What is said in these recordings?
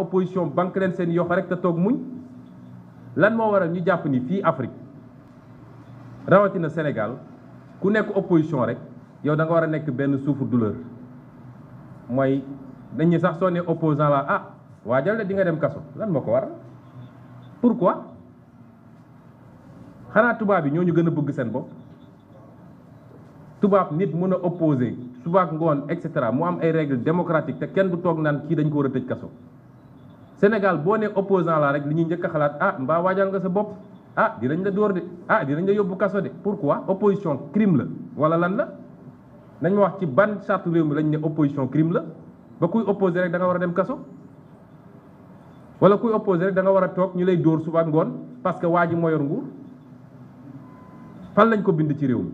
opposition banque leen seen yox rek te toog muñ lan moo waral ñu jàpp ni fii Afrique rawatina Sénégal ku nekk opposition rek yow da nga war a nekk benn souffre-douleur mooy dañu sax soo ne opposant la ah waajal de di nga dem kaso lan moo ko waral pourquoi xanaa tubaab yi ñoo ñu gën a bëgg seen bopp tubaab nit mun a opposé subaak ngoon et cetera mu am ay règles démocratiques te kenn du toog naan kii dañ ko war a tëj kaso Sénégal boo nee opposant la rek li ñuy njëkk a xalaat ah mbaa waajal nga sa bopp ah dinañ la dóor de ah dinañ la yóbbu kaso de pourquoi opposition crime la wala lan la nañ ma wax ci ban charte réew mi lañ ne opposition crime la ba kuy opposé rek da nga war a dem kaso wala kuy opposé rek da nga war a toog ñu lay dóor suba ngoon parce que waa ji moo nguur fan lañ ko bind ci réew mi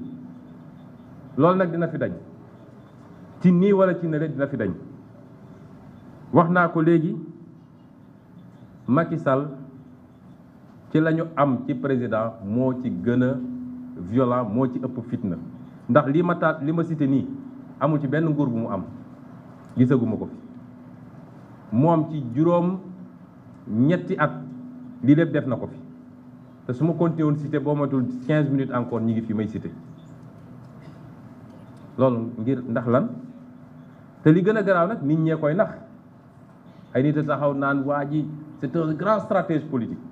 loolu nag dina fi dañ ci nii wala ci nele dina fi dañ wax naa ko léegi Macky Sall ci lañu am ci président moo ci gën a violent moo ci ëpp fitna ndax li ma taat li ma site nii amul ci benn nguur bu mu am gisaguma ko fi moom ci juróom ñetti at li lépp def na ko fi te su ma continué woon boo matul quinze minutes encore ñi ngi fi may cité loolu ngir ndax lan te li gën a garaaw nag nit ñee koy nax ay nit a taxaw naan waa ji c'est un grand stratége politique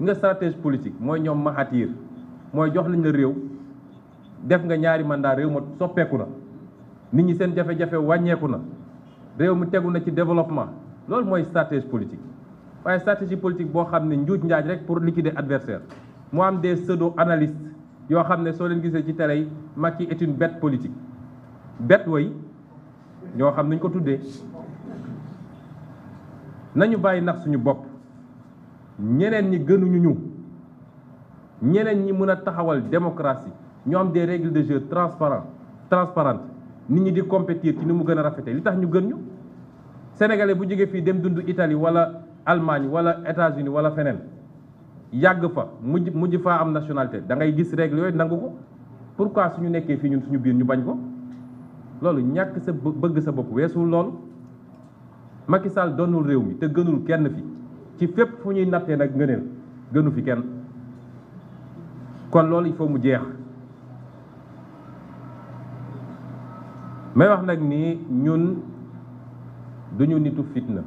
nga stratége politique mooy ñoom Mahathir mooy jox lañ la réew def nga ñaari mandat réew ma soppeeku na nit ñi seen jafe-jafe wàññeeku na réew mu tegu na ci développement loolu mooy stratégie politique waaye stratégie politique boo xam ne njuuj njaaj rek pour liquider adversaire mu am des pseudo analystes yoo xam ne soo leen gisee ci tere yi Macky est une bête politique bête way ñoo xam nañ ko tuddee nañu bàyyi nax suñu bopp ñeneen ñi gënuñu ñu ñeneen ñi mën a taxawal démocratie ñu am des règles de jeu transparent transparentes nit ñi di compétir ci ni mu gën a rafetee li tax ñu gën ñu sénégalais bu jógee fii dem dundu itali wala almaañ wala États-Unis wala feneen yàgg fa mujj mujj faa am nationalité dangay ngay gis règles yooyu nangu ko pourquoi suñu nekkee fii ñu suñu biir ñu bañ ko loolu ñàkk sa bëgg sa bopp weesuwul loolu Macky Sall doonul réew mi te gënul kenn fi ci fépp fu ñuy nattee nag ngëneel gënu fi kenn kon loolu il faut mu jeex may wax nag nii ñun duñu nitu fitna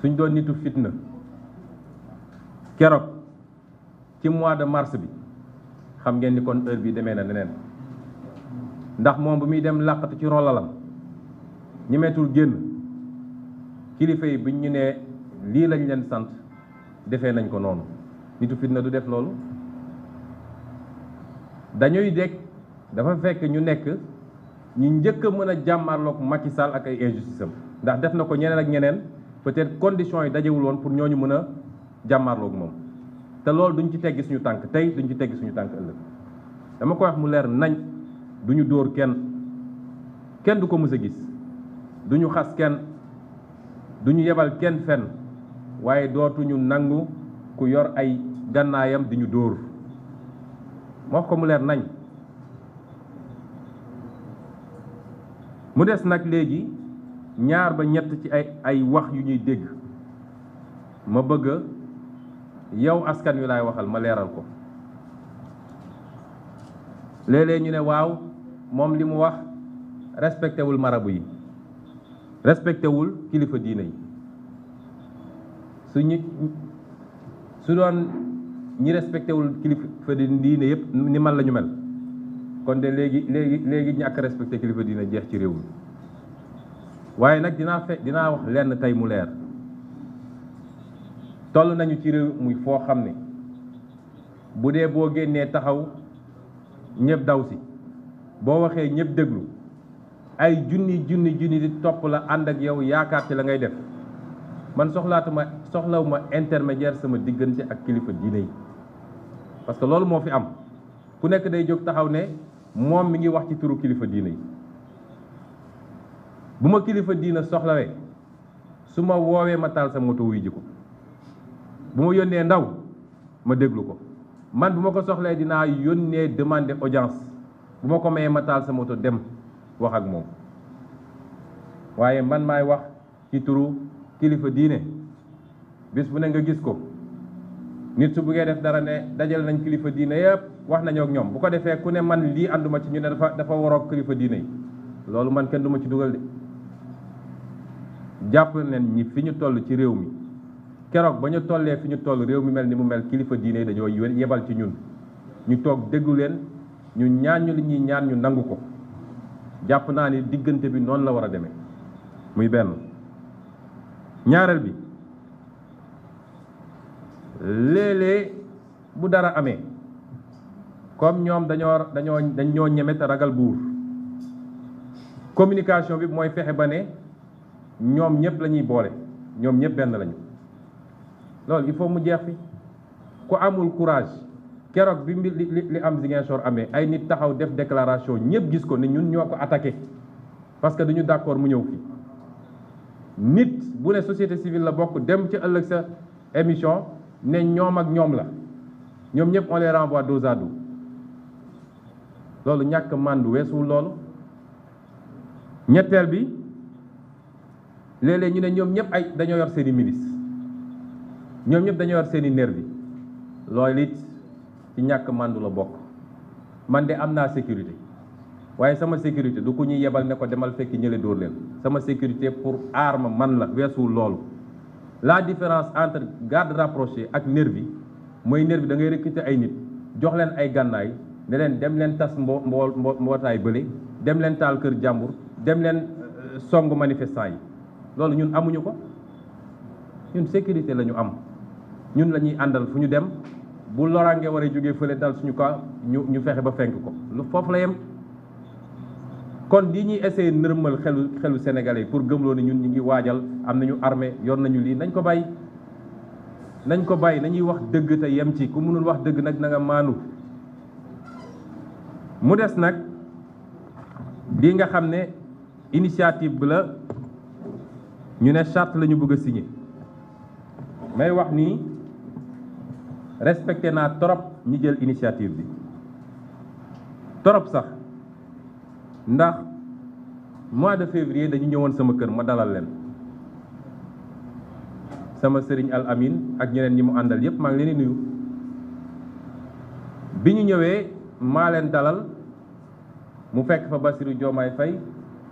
suñ doon nitu fitna keroog ci mois de mars bi xam ngeen ni kon heure bi demee na neneen ndax moom bu muy dem làqatu ci rolalam ñemeetul génn kilifa yi buñ ñu nee lii lañ leen sant defee nañ ko noonu nitu fitna du def loolu dañuy dekk dafa fekk ñu nekk ñu njëkk a mën a jàmmarloog Macky Sall ak ay injustice am ndax def na ko ñeneen ak ñeneen peut-être conditions yi dajewuloon woon pour ñooñu mën a jàmmarloog moom te loolu duñ ci teggi suñu tànk tey duñ ci teggi suñu tànk ëllëg dama ko wax mu leer nañ duñu dóor kenn kenn du ko mës a gis du ñu xas kenn du ñu yebal kenn fenn waaye dootuñu nangu ku yor ay gànnaayam di ñu dóor wax ko mu leer nañ mu des nag léegi ñaar ba ñett ci ay ay wax yu ñuy dégg ma bëgg yow askan wi laay waxal ma leeral ko léeg ñu ne waaw moom li mu wax respecté wul marabu yi respecté wul kilifa diine yi su ñu su doon ñi respecté wul kilifa diine yëpp ni man lañu ñu mel kon de léegi léegi léegi ñàkk respecté kilifa diine jeex ci réew mi waaye nag dinaa fe dinaa wax lenn tey mu leer toll nañu ci réew muy foo xam ne bu dee boo génnee taxaw ñëpp daw si boo waxee ñëpp déglu ay junni junni junni di topp la ànd ak yow yaakaar ci la ngay def man soxlaatuma soxlawuma intermédiaire sama diggante ak kilifa diine yi parce que loolu moo fi am ku nekk day jóg taxaw ne moom mi ngi wax ci turu kilifa diine yi bu ma kilifa diine soxlawee su ma woowee ma taal sa moto wuy ko bu ma yónnee ndaw ma déglu ko man bu ma ko soxlee dinaa yónnee demander audience bu ma ko mayee ma taal sa moto dem wax ak moom waaye man maay wax ci turu kilifa diine bis bu ne nga gis ko nit su buggee def dara ne dajal nañ kilifa diine yëpp wax nañoo ak ñoom bu ko defee ku ne man lii ànduma ci ñu ne dafa dafa kilifa diine yi loolu man kenn duma ci dugal de jàpp nañ ñi fi ñu toll ci réew mi keroog ba ñu tollee fi ñu toll réew mi mel ni mu mel kilifa diine yi dañoo yebal ci ñun ñu toog déggu leen ñu ñaan ñu li ñuy ñaan ñu nangu ko jàpp naa ni diggante bi noonu la war a deme muy benn ñaareel bi léeg-léeg bu dara amee comme ñoom dañoo dañoo dañoo ñeme ragal buur communication bi mooy fexe ba ne ñoom ñëpp la boole ñoom ñëpp benn lañu loolu il faut mu jeex fi ku amul courage keroog bi mbir li li am Ziguinchor amee ay nit taxaw def déclaration ñëpp gis ko ne ñun ñoo ko attaqué parce que dañu d'accord mu ñëw fii nit bu ne société civile la bokk dem ci ëllëg sa émission ne ñoom ak ñoom la ñoom ñëpp on les renvoie dos à dos loolu ñàkk màndu weesu loolu ñetteel bi léeg-léeg ñu ne ñoom ñëpp ay dañoo yor seeni milice ñoom ñëpp dañoo yor seeni nervi loolu it ci ñàkk màndu la bokk man de am naa sécurité waaye sama sécurité du ku ñuy yebal ne ko demal fekki ñële dóor leen sama sécurité pour aar ma man la weesu loolu la différence entre garde rapproché ak nervi mooy nervi da ngay recruter ay nit jox leen ay gànnaay ne leen dem leen tas mbo mbo mbootaay bële dem leen taal kër jàmbur dem leen euh, song manifestant yi loolu ñun amuñu ko ñun sécurité la ñu am ñun la àndal fu ñu dem bu loraange war a jógee fële dal suñu ko ñu ñu fexe ba fenk ko lu foofu la yem kon lii ñuy essayer nërmal xelu xelu sénégalais pour gëmloo ne ñun ñu ngi waajal am nañu armée yoon nañu lii nañ ko bàyyi nañ ko bàyyi nañuy wax dëgg te yem ci ku mënul wax dëgg nag na nga maanu mu des nag lii nga xam ne initiative bi la ñu ne charte la ñu bëgg a signé may wax nii respecté naa trop ñi jël initiative bi trop sax ndax mois de février dañu ñëwoon sama kër ma dalal leen sama sëriñ al amin ak ñeneen ñi mu àndal yépp maa ngi leen di nuyu bi ñu ñëwee maa leen dalal mu fekk fa Bassirou Diomaye Faye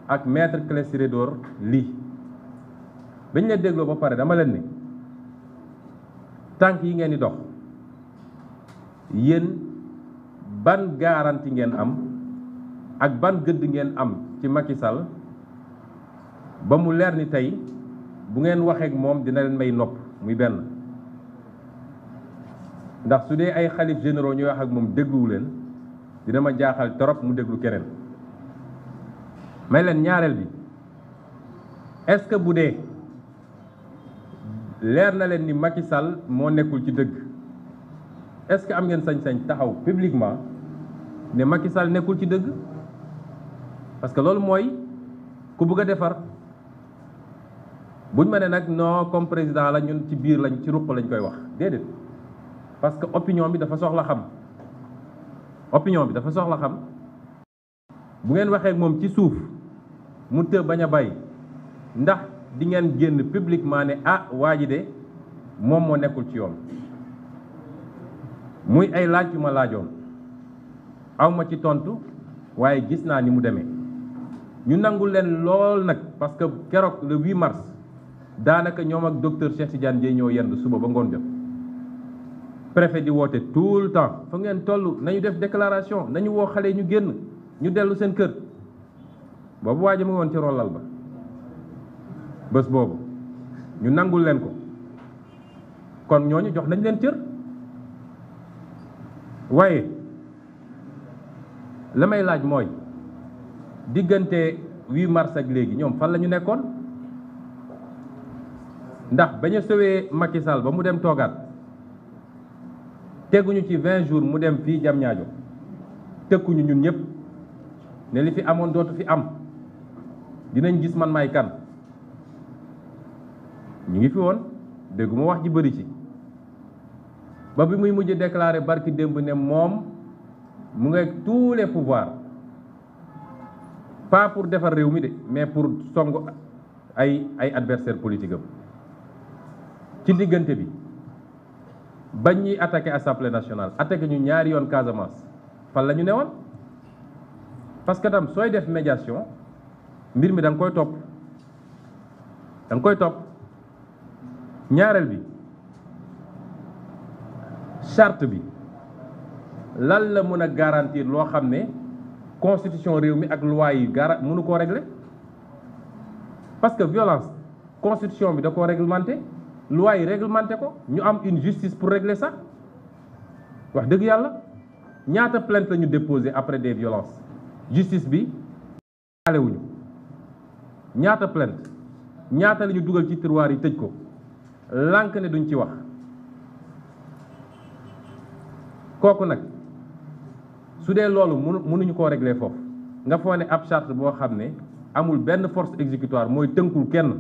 ak maître Ciré Clédor lii bañ leen dégloo ba pare dama leen ni tànk yi ngeen di dox yéen ban garanti ngeen am ak ban gëdd ngeen am ci Macky Sall ba mu leer ni tey bu ngeen waxeek moom dina leen may nopp muy benn ndax su dee ay xalif généraux ñuy wax ak moom dégluwu leen dina ma jaaxal torop mu déglu keneen may leen ñaareel bi est-ce que bu dee leer na leen ni Macky moo nekkul ci dëgg est-ce que am ngeen sañ-sañ taxaw publiquement ne Macky Sall nekkul ci dëgg parce que loolu mooy ku bëgg a defar buñ ma ne nag non comme président la ci biir lañ ci ruq lañu koy wax déedéet parce que opinion bi dafa soxla xam opinion bi dafa soxla xam bu ngeen waxee ak moom ci suuf mu të bañ a bay ndax di ngeen génn publiquement ne ah waa ji de moom moo nekkul ci yoon muy ay laaj yu ma laajoon awma ci tontu waaye gis naa ni mu demee ñu nangu leen lool nag parce que keroog le 8 mars daanaka ñoom ak docteur Cheikh Tidiane Dièye ñoo yend suba ba ngoon jot préfet di woote tout le temps fa ngeen toll nañu def déclaration nañu woo xale ñu génn ñu dellu seen kër boobu waa ji ci rollal ba bés boobu ñu nangul leen ko kon ñooñu jox nañ leen cër waaye la may laaj mooy diggante 8 mars léegi ñoom fan la ñu nekkoon ndax bañ a sewee Macky ba mu dem toogaat teguñu ci 20 jours mu dem fii jam ñaajo tëkkuñu ñun ñëpp ne li fi amoon dootu fi am dinañ gis man may kan ñu ngi fi woon dégguma wax ji bari ci ba bi muy mujj déclaré barki démb ne moom mu nga ak tous les pouvoirs pas pour defar réew mi de mais pour song ay ay adversaire politique am ci diggante bi bañ ñuy attaqué assemblée nationale attaqué ñu ñaari yoon Casamance fan la ñu woon parce que tam sooy def médiation mbir mi da nga koy topp danga koy topp ñaareel bi charte bi lan la mën a garantir loo xam ne constitution réew mi ak loi yi gara mënu koo régler parce que violence constitution bi da koo réglementé loi yi réglementé ko ñu am une justice pour régler sax wax dëgg yàlla ñaata plainte lañu ñu déposé après des violences justice bi alewuñu ñaata plainte ñaata lañu dugal ci tiroir yi tëj ko lànk ne duñ ci wax kooku nag su dee loolu mënu mënuñu koo régler foofu nga foo ne ab charte boo xam ne amul benn force exécutoire mooy tënkul kenn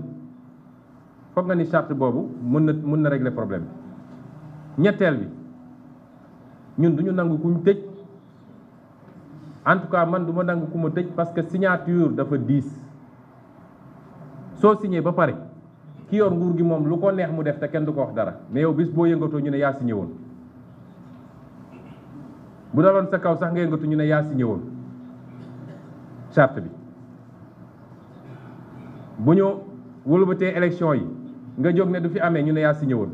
foog nga ni charte boobu mën na mën na régler problème bi ñetteel bi ñun duñu nangu kuñ tëj en tout cas man du ma nangu ku ma tëj parce que signature dafa diis soo signé ba pare ki yor nguur gi moom lu ko neex mu def te kenn du ko wax dara mais yow bis boo yëngatoo ñu ne yaa signé woon bu daloon sa kaw sax nga yëngatu ñu ne yaa signé woon charte bi bu ñu wëlbatee élection yi nga jóg ne du fi amee ñu ne yaa signé woon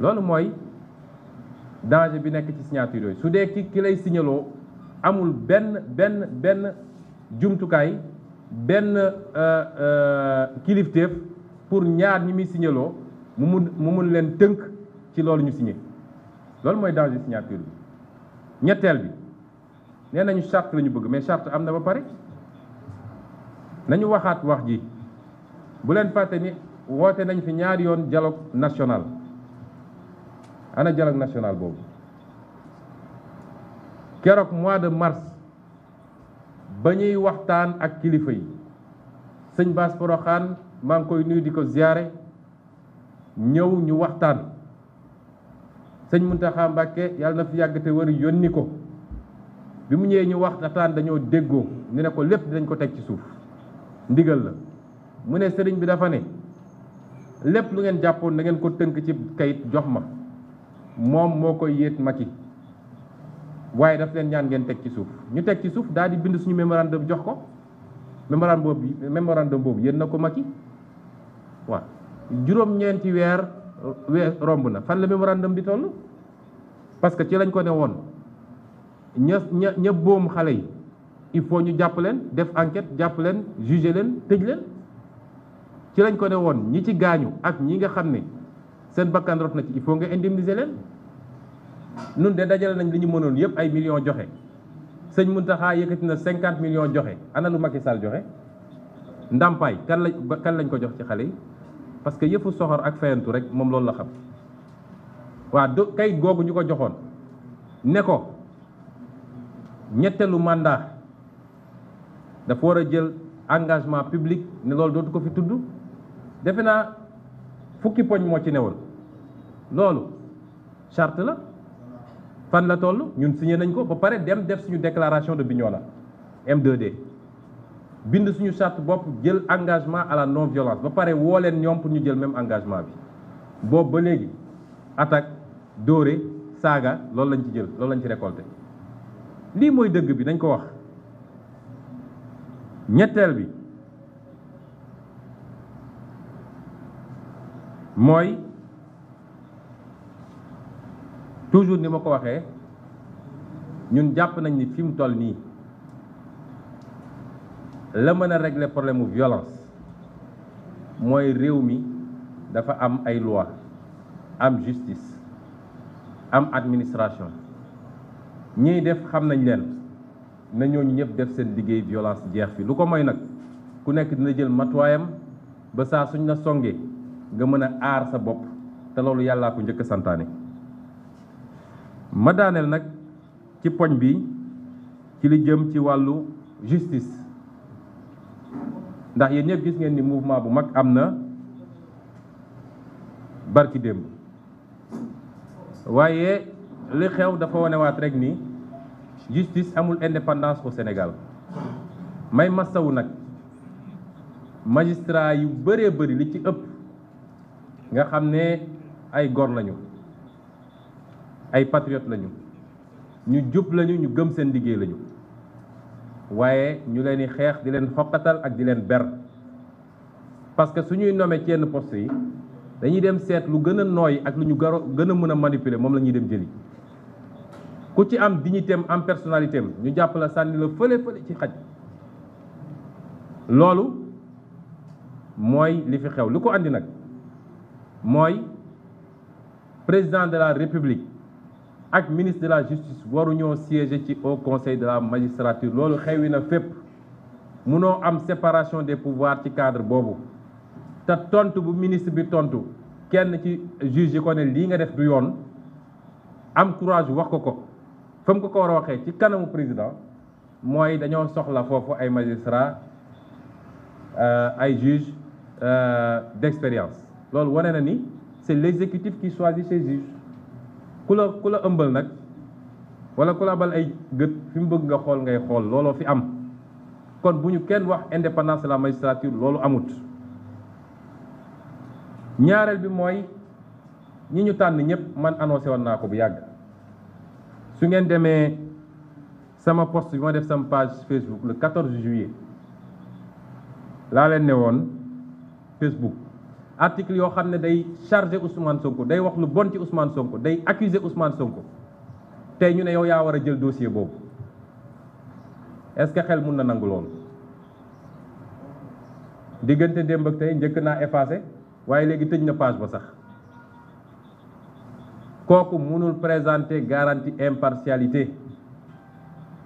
loolu mooy danger bi nekk ci signature yooyu su dee ki ki lay signaloo amul benn benn benn jumtukaay benn euh, euh, kilifteef pour ñaar ñi muy signaloo mu mun mu mun leen tënk ci loolu ñu signé loolu mooy danger signature bi ñetteel bi nee nañu charte la ñu bëgg mais charte am na ba pare nañu waxaat wax ji buleen leen fàtte ni woote nañ fi ñaari yoon dialogue national ana dialogue national boobu keroog mois de mars ba ñuy waxtaan ak kilifa yi sëñ Bass Porokhane maa ngi koy nuyu di ko ziyaare ñëw ñu waxtaan sëñ Muntaxa Mbàkke yàlla na fi yàgg te wër yónni ko bi mu ñëwee ñu wax ataan dañoo déggoo ñu ne ko lépp dañ ko teg ci suuf ndigal la mu ne sëriñ bi dafa ne lépp lu ngeen jàppoon na ngeen ko tënk ci kayit jox ma moom moo koy yéet Macky waaye daf leen ñaan ngeen teg ci suuf ñu teg ci suuf daal di bind suñu mémorandum jox ko mémorandum boobu mémorandum boobu yéen na ko Macky waaw juróom-ñeenti weer wee romb na fan la mémorandum di toll parce que ci lañ ko ne woon ña ña ña boom xale yi il faut ñu jàpp leen def enquête jàpp leen juger leen tëj leen ci lañ ko ne woon ñi ci gaañu ak ñi nga xam ne seen bakkan rot na ci il faut nga indemniser leen nun de dajale nañ li ñu mënoon yëpp ay millions joxe sëñ Muntaxa yëkkati na cinquante million joxe ana lu Macky Sall joxe ndàmpaay kan lañ kan lañ ko jox ci xale yi parce que yëfu soxor ak fayantu rek moom loolu la xam waa do kayit googu ñu ko joxoon ne ko ñetteelu mandat dafa war a jël engagement publique ne loolu dootu ko fi tudd defe naa fukki poñ moo ci ne woon loolu chart la fan la toll ñun signé nañ ko ba pare dem def suñu déclaration de Bignona M2D bind suñu charte bopp jël engagement à la non violence ba pare woo leen ñoom pour ñu jël même engagement bi boobu ba léegi attaque dóore saaga loolu lañ ci jël loolu lañ ci récolté lii mooy dëgg bi dañ ko wax ñetteel bi mooy toujours ni ma ko waxee ñun jàpp nañ ni fi mu toll nii la mën a régler problème mu violence mooy réew mi dafa am ay loi am justice am administration ñiy def xam nañ leen na ñooñu ñëpp def seen liggéey violence jeex fi lu ko mooy nag ku nekk dina jël matuwaayam ba saa suñ la songee nga mën a aar sa bopp te loolu yàllaa ko njëkk santaane ma daaneel nag ci poñ bi ci li jëm ci wàllu justice ndax yéen ñëpp gis ngeen ni mouvement bu mag am na barki démb waaye li xew dafa wanewaat rek ni justice amul indépendance au Sénégal may masawu nag magistrat yu bëree bari li ci ëpp nga xam ne ay góor lañu ay patriote lañu ñu jub lañu ñu gëm seen liggéey lañu waaye ñu leen di xeex di leen xoqatal ak di leen ber parce que su ñuy nommé ci yenn poste yi dañuy dem seet lu gën a nooy ak lu ñu garo gën a mën a manipuler moom la ñuy dem jëli ku ci am dignité am am personnalité ñu jàpp la sànni la fële fële ci xaj loolu mooy li fi xew lu ko indi nag mooy président de la république ak ministre de la justice waruñoo siéger ci haut conseil de la magistrature loolu xewi na fépp munoo am séparation des pouvoir ci cadre boobu te tontu bu ministre bi tontu kenn ci juge yi ko ne lii nga def du yoon am courage wax ko ko fa mu ko ko war a waxee ci kanamu président mooy dañoo soxla foofu ay magistrat euh, ay juge euh, d'expérience loolu wane na ni c'est l'exécutif qui choisit ses juges ku la ku la ëmbal nag wala ku la abal ay gët fi mu bëgg nga xool ngay xool looloo fi am kon bu ñu kenn wax indépendance la magistrature loolu amut ñaareel bi mooy ñi ñu tànn ñëpp man annoncé woon naa ko bu yàgg su ngeen demee sama post bi ma def sama page Facebook le 14 juillet laa leen ne woon Facebook article yoo xam ne day chargé Ousmane Sonko day wax lu bon ci Ousmane Sonko day accusé Ousmane Sonko tey ñu ne yow yaa war a jël dossier boobu est-ce que xel mun na nangu loolu diggante démb ak tey njëkk naa effacé waaye léegi tëj na page ba sax kooku mënul présenter garantie impartialité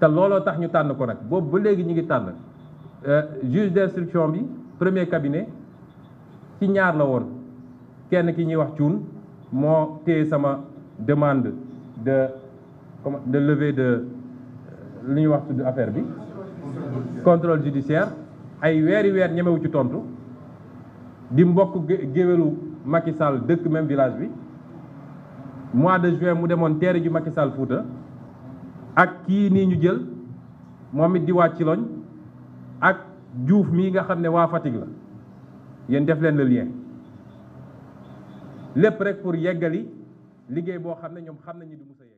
te looloo tax ñu tànn ko nag boobu ba léegi ñu ngi tànn de euh, d'instruction bi premier cabinet ci ñaar la woon kenn ki ñuy wax cuun moo téye sama demande de comment de levée de euh, li ñuy wax tudd affaire bi contrôle judiciaire ay weeri weer ñemewu ci tontu di mbokk géwélu Macky Sall dëkk même village bi mois de juin mu demoon teere ju Macky Sall Fouta ak kii nii ñu jël moom it di waa Ciloñ ak Diouf mii nga xam ne waa Fatick la yéen def leen le lien lépp rek pour yeggali liggéey boo xam ne ñoom xam nañu du musa